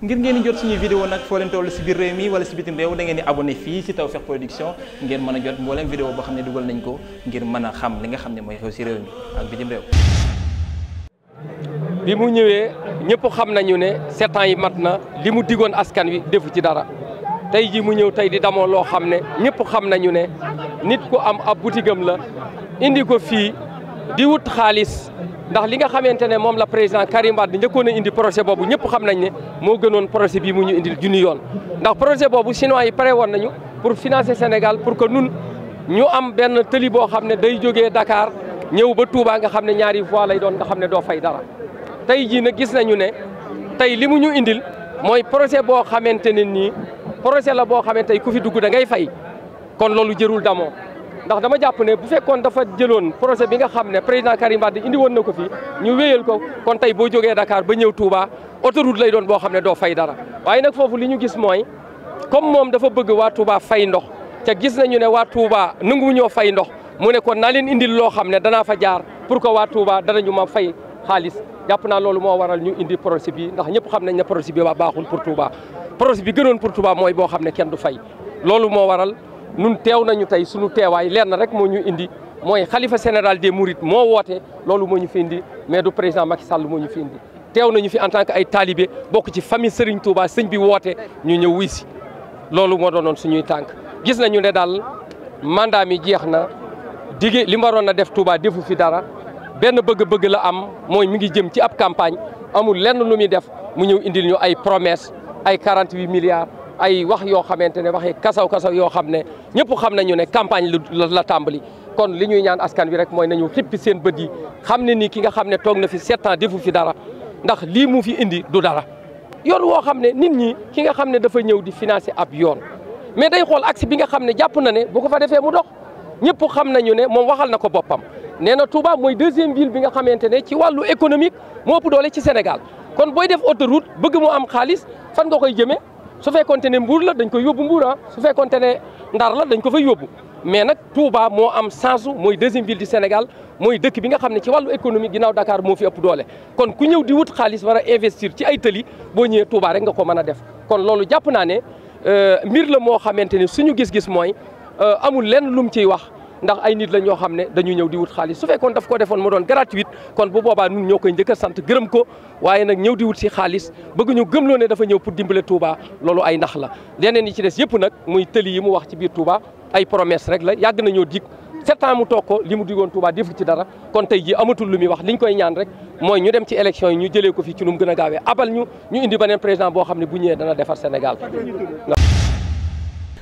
ngir ngeen di jot suñuy vidéo nag foo leen toll si biir réew mi wala si bitim réew da ngeen di abonné fii si Tawfekh Production ngeen mën a jot mbooleem vidéo boo xam ne dugal nañ ko ngir mën a xam li nga xam ne mooy xew si réew mi ak ñëwee ñëpp xam nañu ne sept yi mat na li mu digoon askan wi defu ci dara tey ji mu ñëw tey di damoo loo xam ne ñëpp xam nañu ne nit ku am ab butigam la indi ko fii di wut xaalis ndax li nga xamante ne moom la président Karim Wade njëkkoon a indi projet boobu ñëpp xam nañ ne moo gënoon projet bii mu ñu indil junni yoon ndax projet boobu chinois yi pare woon nañu pour financer Sénégal pour que nun ñu am benn tëli boo xam ne day jógee dakaar ñëw ba Touba nga xam ne ñaari fois lay doon nga xam ne doo fay dara tey jii nag gis nañu ne tey li mu ñu indil mooy projet boo xamante ne nii projet la boo xamante ne ku fi dugg da ngay fay kon loolu jërul damoo ndax dama jàpp ne bu fekkoon dafa jëloon projet bi nga xam ne président Karim Wade indi woon na ko fi ñu wéyal ko kon tey boo jogee Dakar ba ñëw Touba autoroute lay doon boo xam ne doo fay dara waaye nag foofu li ñu gis mooy comme moom dafa bëgg waa Touba fay ndox te gis nañu ne waa Touba nangu ñoo fay ndox mu ne kon naa leen indil loo xam ne danaa fa jaar pour que waa dana danañu ma fay xaalis jàpp naa loolu moo waral ñu indi projet bi ndax ñëpp xam nañ ne projet bi waa baaxul pour Touba bi gënoon pour Touba mooy boo xam ne kenn du fay nun teew nañu tey sunu teewaay lenn rek moo ñu indi mooy xalifa général des mourides moo woote loolu moo ñu fi indi mais du président Macky Sall moo ñu fi indi teew nañu fi en tant que ay taalibe bokk ci famille Serigne Touba sëñ bi woote ñu ñëw wuy si loolu moo doonoon suñuy tànk gis nañu ne daal mandat mi jeex na dige li mbaroon na def Touba defu fi dara benn bëgg-bëgg la am mooy mi ngi jëm ci ab campagne amul lenn lu muy def mu ñëw indil ñu ay promesse ay 48 milliards ay wax yoo xamante ne waxi kasaw kasaw yoo xam ne ñëpp xam nañu ne campagne la tàmbali. kon li ñuy ñaan askan wi rek mooy nañu xippi seen bët yi xam ne ni ki nga xam ne toog na fi sept ans defu fi dara ndax lii mu fi indi du dara. yoon woo xam ne nit ñi ki nga xam ne dafa ñëw di financer ab yoon mais day xool axe bi nga xam ne jàpp na ne bu ko fa defee mu dox ñëpp xam nañu ne moom waxal na ko boppam. nee na Touba mooy deuxième ville bi nga xamante ne ci wàllu économique moo ëpp doole ci Sénégal kon booy def autoroute bëgg mu am xaalis fan nga koy jëmee. su fekkoonte ne mbuur la dañ ko yóbbu mbuur ah su fekkoonte ne ndar la dañ ko fay yóbbu mais nag Touba moo am chance mooy deuxième ville du Sénégal mooy dëkk bi nga xam ne ci wàllu économie ginnaaw dakaar moo fi ëpp doole kon ku ñëw di wut xaalis war a investir ci ay tëli boo ñëwee Touba rek nga ko mën a def kon loolu jàpp naa ne euh, mbir la moo xamante ne suñu gis-gis mooy euh, amul lenn lum ciy wax ndax ay nit la ñoo xam ne dañu ñëw di wut xaalis su fekkoon daf ko defoon mu doon gratuite kon bu boobaa ñun ñoo koy njëkk a sant gërëm ko waaye nag ñëw di si xaalis bëgg ñu gëmloo ne dafa ñëw pour dimbale Touba loolu ay nax la leneen ni ci des yëpp nag muy tëli yi mu wax ci biir Touba ay promesse rek la yàgg nañoo dig sept ans mu toog ko li mu digoon Touba defu ci dara kon tey ji amatul lu muy wax liñ koy ñaan rek mooy ñu dem ci élection yi ñu jëlee ko fi ci nu mu gën a gaawee abal ñu ñu indi beneen président boo xam ne bu ñëwee dana defar Sénégal